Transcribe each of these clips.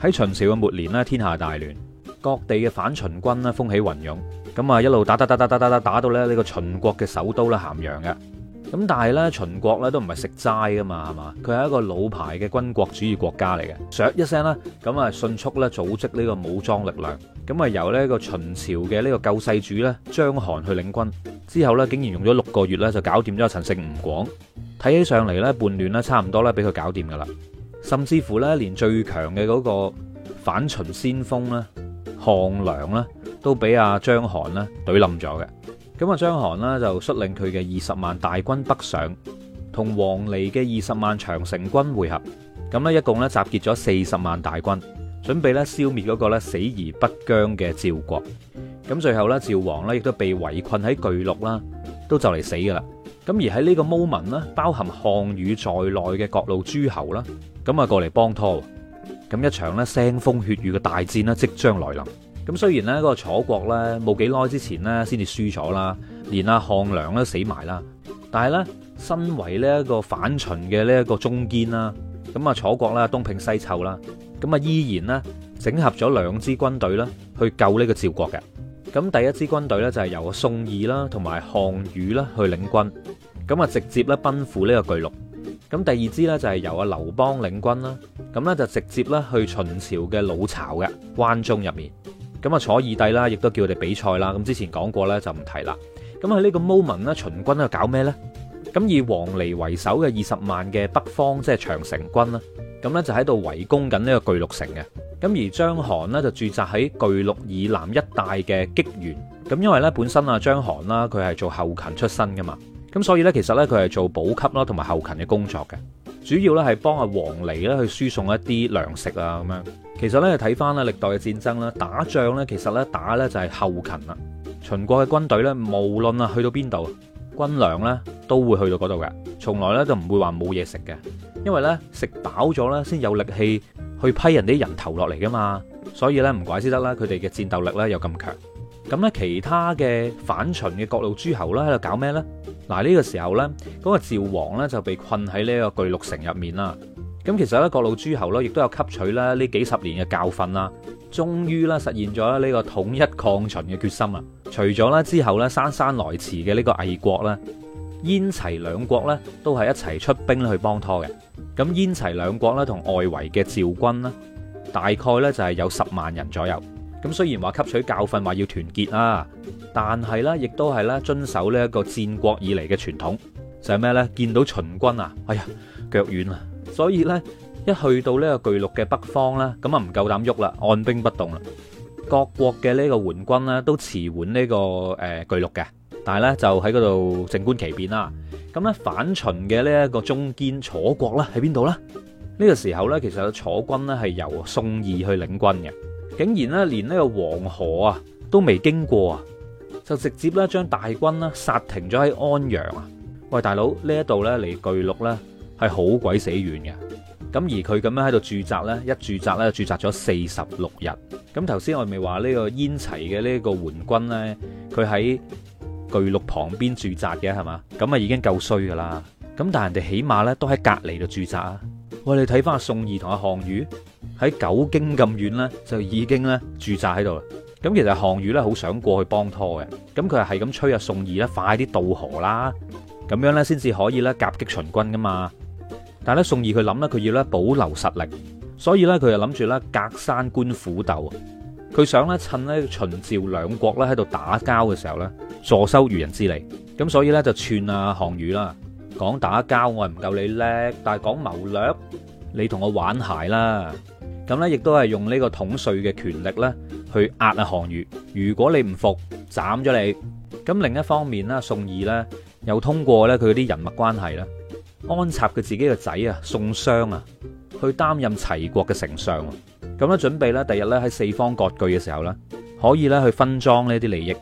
喺秦朝嘅末年咧，天下大亂，各地嘅反秦軍咧風起雲湧，咁啊一路打打打打打打打打到咧呢個秦國嘅首都啦咸陽嘅，咁但係呢秦國咧都唔係食齋噶嘛，係嘛？佢係一個老牌嘅軍國主義國家嚟嘅，削一聲呢，咁啊迅速咧組織呢個武裝力量，咁啊由呢個秦朝嘅呢個救世主咧章邯去領軍，之後呢，竟然用咗六個月呢就搞掂咗陳勝吳廣，睇起上嚟呢叛亂咧差唔多呢俾佢搞掂噶啦。甚至乎咧，連最強嘅嗰個反秦先鋒咧，項梁咧，都俾阿章邯咧懟冧咗嘅。咁啊，章邯咧就率領佢嘅二十萬大軍北上，同王離嘅二十萬長城軍匯合，咁呢一共呢，集結咗四十萬大軍，準備呢，消滅嗰個咧死而不僵嘅趙國。咁最後呢，趙王呢亦都被圍困喺巨鹿啦，都就嚟死噶啦。咁而喺呢個 moment 咧，包含項羽在內嘅各路諸侯啦，咁啊過嚟幫拖。咁一場咧腥風血雨嘅大戰咧即將來臨。咁雖然呢嗰個楚國咧冇幾耐之前咧先至輸咗啦，連阿項梁都死埋啦，但係咧身為呢一個反秦嘅呢一個中堅啦，咁啊楚國啦東拼西湊啦，咁啊依然咧整合咗兩支軍隊啦去救呢個趙國嘅。咁第一支軍隊咧就係由宋義啦同埋項羽啦去領軍，咁啊直接咧奔赴呢個巨鹿。咁第二支咧就係由啊劉邦領軍啦，咁咧就直接咧去秦朝嘅老巢嘅關中入面。咁啊楚二帝啦，亦都叫佢哋比賽啦。咁之前講過咧就唔提啦。咁喺呢個 moment 呢，秦軍咧搞咩呢？咁以王離為首嘅二十萬嘅北方即係、就是、長城軍啦，咁咧就喺度圍攻緊呢個巨鹿城嘅。咁而章邯呢，就駐紮喺巨鹿以南一帶嘅棘原。咁因為呢本身啊章邯啦，佢係做後勤出身噶嘛。咁所以呢，其實呢，佢係做補給啦同埋後勤嘅工作嘅。主要呢，係幫阿王離呢去輸送一啲糧食啊咁樣。其實呢，睇翻呢歷代嘅戰爭啦。打仗呢，其實呢打呢，就係後勤啦。秦國嘅軍隊呢，無論啊去到邊度，軍糧呢，都會去到嗰度嘅，從來呢，就唔會話冇嘢食嘅。因為呢，食飽咗呢先有力氣。去批人啲人頭落嚟，噶嘛，所以咧唔怪之得啦，佢哋嘅戰鬥力咧又咁強。咁咧其他嘅反秦嘅各路諸侯咧喺度搞咩呢？嗱，呢個時候呢，嗰個趙王呢，就被困喺呢個巨鹿城入面啦。咁其實咧各路諸侯咧亦都有吸取啦呢幾十年嘅教訓啦，終於啦實現咗呢個統一抗秦嘅決心啦。除咗啦之後咧姍姍來遲嘅呢個魏國咧，燕齊兩國呢，都係一齊出兵去幫拖嘅。咁燕齊兩國咧同外圍嘅趙軍咧，大概咧就係、是、有十萬人左右。咁雖然話吸取教訓，話要團結啊，但係呢亦都係咧遵守呢一個戰國以嚟嘅傳統，就係、是、咩呢？見到秦軍啊，哎呀腳軟啊，所以呢，一去到呢個巨鹿嘅北方呢，咁啊唔夠膽喐啦，按兵不動啦。各國嘅呢個援軍呢，都遲緩呢個誒、呃、巨鹿嘅。但係咧，就喺嗰度靜觀其變啦。咁咧，反秦嘅呢一個中堅楚國咧，喺邊度呢？呢個時候呢，其實楚軍呢係由宋義去領軍嘅，竟然呢，連呢個黃河啊都未經過啊，就直接咧將大軍呢殺停咗喺安陽啊。喂，大佬呢一度呢嚟巨鹿呢係好鬼死遠嘅。咁而佢咁樣喺度駐紮呢，一駐紮咧駐紮咗四十六日。咁頭先我咪話呢個燕齊嘅呢個援軍呢，佢喺。巨鹿旁邊駐紮嘅係嘛？咁啊已經夠衰噶啦咁但係人哋起碼咧都喺隔籬度駐紮啊。喂，你睇翻阿宋義同阿項羽喺九荊咁遠呢，就已經呢駐紮喺度。咁其實項羽呢好想過去幫拖嘅。咁佢係係咁催阿宋義呢快啲渡河啦。咁樣呢先至可以呢夾擊秦軍噶嘛但係呢宋義佢諗呢，佢要呢保留實力，所以呢，佢就諗住呢隔山觀虎鬥。佢想咧趁咧秦趙兩國咧喺度打交嘅時候咧坐收漁人之利，咁所以咧就串啊項羽啦，講打交我係唔夠你叻，但係講謀略你同我玩鞋啦。咁咧亦都係用呢個統帥嘅權力咧去壓啊項羽。如果你唔服，斬咗你。咁另一方面啦，宋義呢又通過咧佢啲人物關係咧安插佢自己嘅仔啊宋襄啊去擔任齊國嘅丞相。咁咧，準備咧，第日咧喺四方割據嘅時候咧，可以咧去分贓呢啲利益，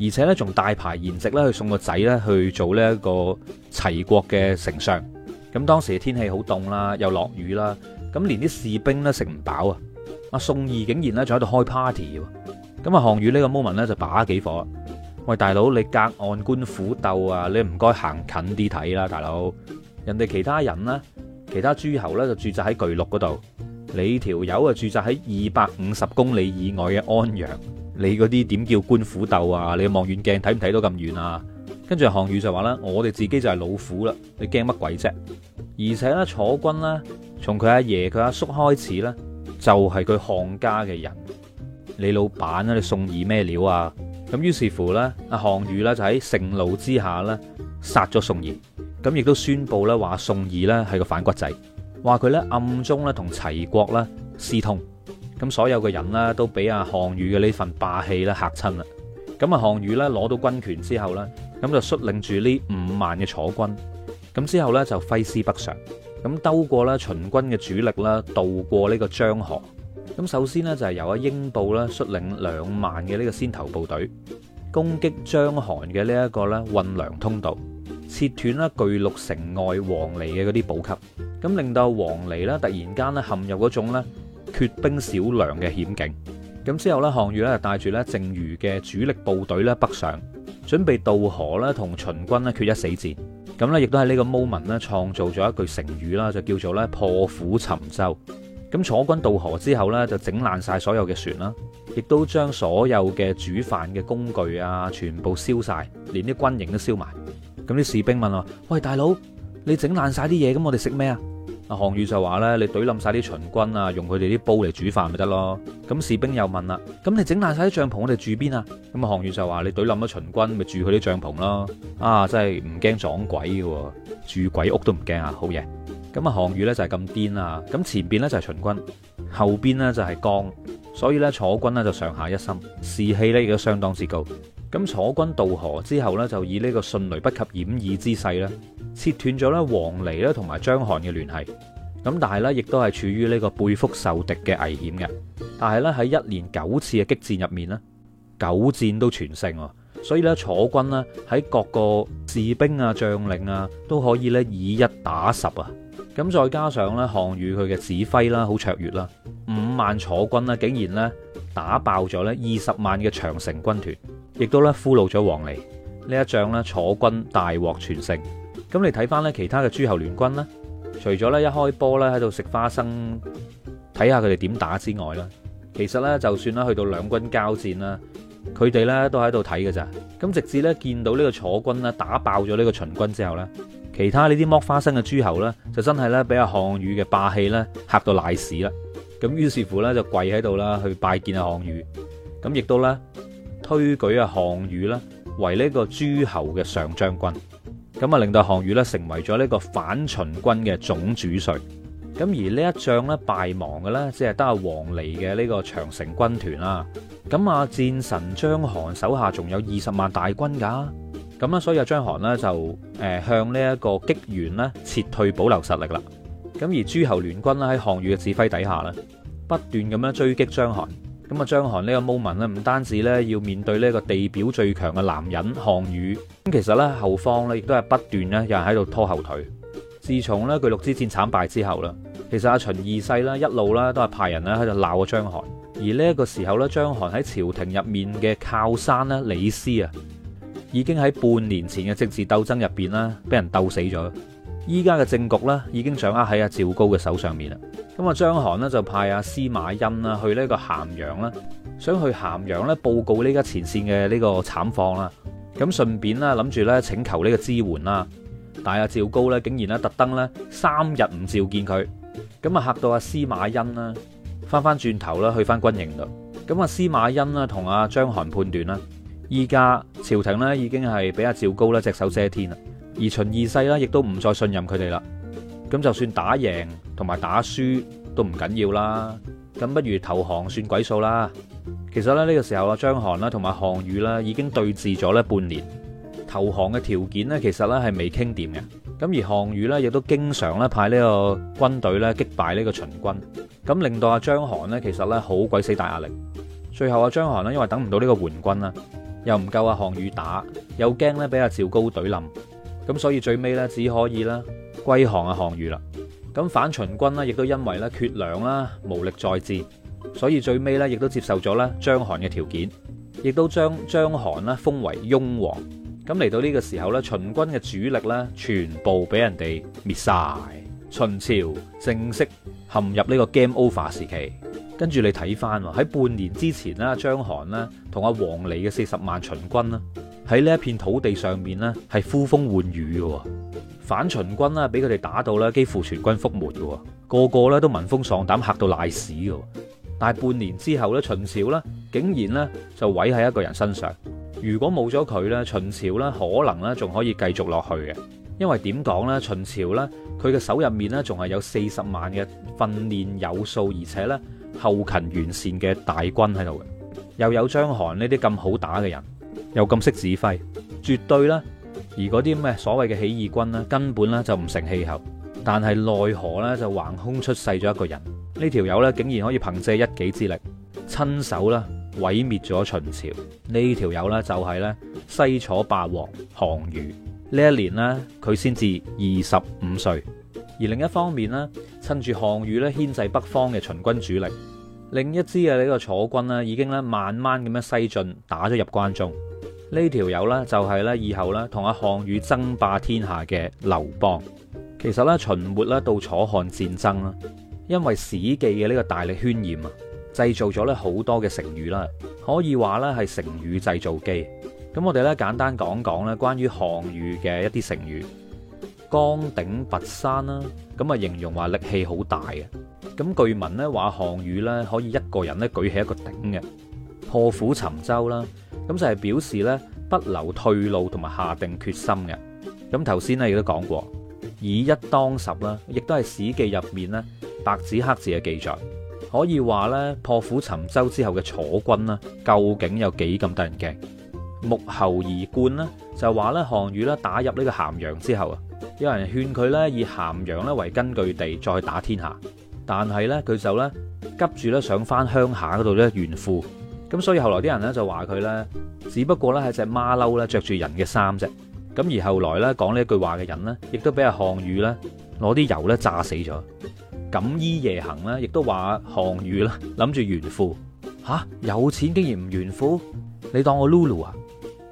而且咧仲大排筵席咧，去送個仔咧去做呢一個齊國嘅丞相。咁當時嘅天氣好凍啦，又落雨啦，咁連啲士兵咧食唔飽啊！阿宋義竟然咧仲喺度開 party 喎！咁啊，項羽呢個 moment 咧就把幾火，喂，大佬，你隔岸觀虎鬥啊，你唔該行近啲睇啦，大佬。人哋其他人呢，其他諸侯咧就駐紮喺巨鹿嗰度。你條友啊，住宅喺二百五十公里以外嘅安陽，你嗰啲點叫官府鬥啊？你望遠鏡睇唔睇到咁遠啊？跟住項羽就話啦：我哋自己就係老虎啦，你驚乜鬼啫？而且咧，楚軍呢，從佢阿爺、佢阿叔開始呢，就係佢項家嘅人。你老闆啊，你宋義咩料啊？咁於是乎呢，阿項羽咧就喺盛怒之下呢，殺咗宋義。咁亦都宣佈呢，話宋義呢係個反骨仔。話佢咧暗中咧同齊國啦私通，咁所有嘅人啦都俾阿項羽嘅呢份霸氣啦嚇親啦，咁啊項羽咧攞到軍權之後咧，咁就率領住呢五萬嘅楚軍，咁之後咧就揮師北上，咁兜過啦秦軍嘅主力啦，渡過呢個漳河，咁首先咧就係由阿英布咧率領兩萬嘅呢個先頭部隊，攻擊章邯嘅呢一個咧運糧通道。切斷啦，巨鹿城外王離嘅嗰啲補給，咁令到王離啦，突然間咧陷入嗰種咧缺兵少糧嘅險境。咁之後咧，項羽就帶住咧剩餘嘅主力部隊咧北上，準備渡河咧同秦軍咧決一死戰。咁咧亦都喺呢個 moment 咧創造咗一句成語啦，就叫做咧破釜沉舟。咁楚軍渡河之後咧，就整爛晒所有嘅船啦，亦都將所有嘅煮飯嘅工具啊全部燒晒，連啲軍營都燒埋。咁啲士兵問我：喂，大佬，你整爛晒啲嘢，咁我哋食咩啊？阿項羽就話咧：你懟冧晒啲秦軍啊，用佢哋啲煲嚟煮飯咪得咯。咁士兵又問啦：咁、嗯、你整爛晒啲帳篷，我哋住邊啊？咁項羽就話：你懟冧咗秦軍，咪住佢啲帳篷咯。啊，真係唔驚撞鬼嘅喎，住鬼屋都唔驚啊，好嘢。咁啊，項羽呢就係咁癲啦。咁前邊呢就係秦軍，後邊呢就係江，所以呢楚軍呢就上下一心，士氣呢亦都相當之高。咁楚軍渡河之後呢就以呢個迅雷不及掩耳之勢呢切斷咗呢王離咧同埋章邯嘅聯繫。咁但係呢，亦都係處於呢個背腹受敵嘅危險嘅。但係呢，喺一連九次嘅激戰入面呢，九戰都全勝，所以呢，楚軍呢喺各個士兵啊、將領啊都可以呢以一打十啊。咁再加上呢項羽佢嘅指揮啦，好卓越啦，五萬楚軍啦，竟然呢打爆咗呢二十萬嘅長城軍團。亦都咧俘虜咗王離。呢一仗咧，楚軍大獲全勝。咁你睇翻咧其他嘅諸侯聯軍咧，除咗咧一開波咧喺度食花生睇下佢哋點打之外啦，其實咧就算咧去到兩軍交戰啦，佢哋咧都喺度睇㗎咋。咁直至咧見到呢個楚軍咧打爆咗呢個秦軍之後咧，其他呢啲剝花生嘅諸侯咧，就真係咧俾阿項羽嘅霸氣咧嚇到賴屎啦。咁於是乎咧就跪喺度啦去拜見阿、啊、項羽。咁亦都咧。推舉啊項羽啦為呢個諸侯嘅上將軍，咁啊令到項羽咧成為咗呢個反秦軍嘅總主帥。咁而呢一仗咧敗亡嘅咧，即係得阿王離嘅呢個長城軍團啦。咁阿戰神章邯手下仲有二十萬大軍噶，咁啦所以阿章邯咧就誒向呢一個棘原呢撤退，保留實力啦。咁而諸侯聯軍咧喺項羽嘅指揮底下咧，不斷咁樣追擊章邯。咁啊，張韓呢個 moment 呢，唔單止呢要面對呢個地表最強嘅男人項羽，咁其實呢後方呢亦都係不斷咧有人喺度拖後腿。自從呢巨鹿之戰慘敗之後呢，其實阿秦二世啦一路呢都係派人咧喺度鬧阿張韓。而呢一個時候呢，張韓喺朝廷入面嘅靠山呢，李斯啊，已經喺半年前嘅政治鬥爭入邊啦，俾人鬥死咗。依家嘅政局咧，已經掌握喺阿趙高嘅手上面啦。咁啊，張邯咧就派阿司馬欣啦去呢個咸陽啦，想去咸陽咧報告呢家前線嘅呢個慘況啦。咁順便啦，諗住咧請求呢個支援啦。但阿趙高咧竟然咧特登咧三日唔召見佢，咁啊吓到阿司馬欣啦，翻翻轉頭啦去翻軍營度。咁阿司馬欣啦同阿張邯判斷啦，依家朝廷咧已經係俾阿趙高咧隻手遮天啦。而秦二世啦，亦都唔再信任佢哋啦。咁就算打贏同埋打輸都唔緊要啦，咁不如投降算鬼數啦。其實咧，呢個時候啊，章邯啦同埋項羽啦已經對峙咗咧半年。投降嘅條件呢，其實呢係未傾掂嘅。咁而項羽呢，亦都經常咧派呢個軍隊咧擊敗呢個秦軍，咁令到阿章邯呢，其實呢好鬼死大壓力。最後阿章邯呢，因為等唔到呢個援軍啦，又唔夠阿項羽打，又驚呢俾阿趙高隊冧。咁所以最尾咧只可以啦，歸降啊項羽啦。咁反秦軍呢，亦都因為咧缺糧啦、啊，無力再戰，所以最尾咧亦都接受咗咧章邯嘅條件，亦都將章邯啦封為雍王。咁嚟到呢個時候咧，秦軍嘅主力咧全部俾人哋滅晒。秦朝正式陷入呢個 game over 時期。跟住你睇翻喎，喺半年之前咧，章邯呢，同阿、啊、王離嘅四十萬秦軍啦。喺呢一片土地上面呢係呼風喚雨嘅、哦，反秦軍呢俾佢哋打到呢幾乎全軍覆沒嘅、哦，個個呢都聞風喪膽，嚇到賴屎嘅。但係半年之後呢，秦朝呢竟然呢就毀喺一個人身上。如果冇咗佢呢，秦朝呢可能呢仲可以繼續落去嘅，因為點講呢，秦朝呢，佢嘅手入面呢仲係有四十萬嘅訓練有素，而且呢後勤完善嘅大軍喺度嘅，又有章邯呢啲咁好打嘅人。又咁識指揮，絕對啦！而嗰啲咩所謂嘅起義軍咧，根本呢就唔成氣候。但係奈何呢，就橫空出世咗一個人，呢條友呢，竟然可以憑借一己之力，親手咧毀滅咗秦朝。呢條友呢，就係呢西楚霸王項羽。呢一年呢，佢先至二十五歲。而另一方面呢，趁住項羽咧牽制北方嘅秦軍主力，另一支嘅呢個楚軍呢，已經咧慢慢咁樣西進，打咗入關中。呢條友呢，就係咧以後咧同阿項羽爭霸天下嘅劉邦。其實呢，秦末咧到楚漢戰爭啦，因為《史記》嘅呢個大力渲染啊，製造咗咧好多嘅成語啦，可以話呢係成語製造機。咁我哋呢，簡單講講咧關於項羽嘅一啲成語，扛鼎拔山啦，咁啊形容話力氣好大嘅。咁據聞呢，話項羽呢可以一個人咧舉起一個鼎嘅。破釜沉舟啦，咁就係表示咧不留退路同埋下定決心嘅。咁頭先咧亦都講過以一當十啦，亦都係史記入面咧白紙黑字嘅記載。可以話咧破釜沉舟之後嘅楚軍啦，究竟有幾咁得人驚？沐猴而冠咧，就話咧項羽啦打入呢個咸陽之後啊，有人勸佢咧以咸陽咧為根據地再打天下，但係咧佢就咧急住咧想翻鄉下嗰度咧炫富。咁所以後來啲人咧就話佢咧，只不過咧係隻馬騮咧，着住人嘅衫啫。咁而後來咧講呢一句話嘅人呢，亦都俾阿項羽咧攞啲油咧炸死咗。錦衣夜行啦，亦都話項羽啦，諗住炫富吓，有錢竟然唔炫富，你當我 lulu 啊？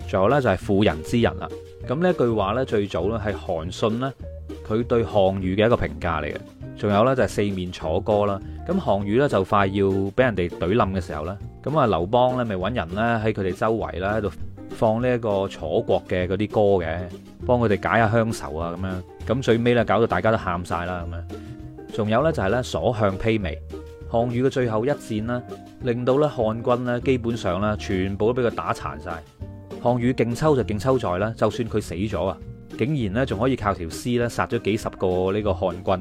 仲有咧就係婦人之仁啦。咁呢一句話咧最早咧係韓信咧，佢對項羽嘅一個評價嚟嘅。仲有咧就係四面楚歌啦。咁項羽咧就快要俾人哋懟冧嘅時候咧。咁啊，劉邦咧，咪搵人咧喺佢哋周圍啦，喺度放呢一個楚國嘅嗰啲歌嘅，幫佢哋解下鄉愁啊，咁樣。咁最尾咧，搞到大家都喊晒啦，咁樣。仲有呢，就係呢所向披靡，項羽嘅最後一戰啦，令到呢漢軍呢基本上呢全部都俾佢打殘晒。項羽勁抽就勁抽在啦，就算佢死咗啊，竟然呢仲可以靠條屍咧殺咗幾十個呢個漢軍。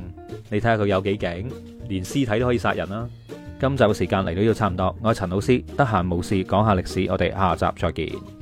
你睇下佢有幾勁，連屍體都可以殺人啦。今集嘅時間嚟到咗差唔多，我係陳老師，得閒冇事講下歷史，我哋下集再見。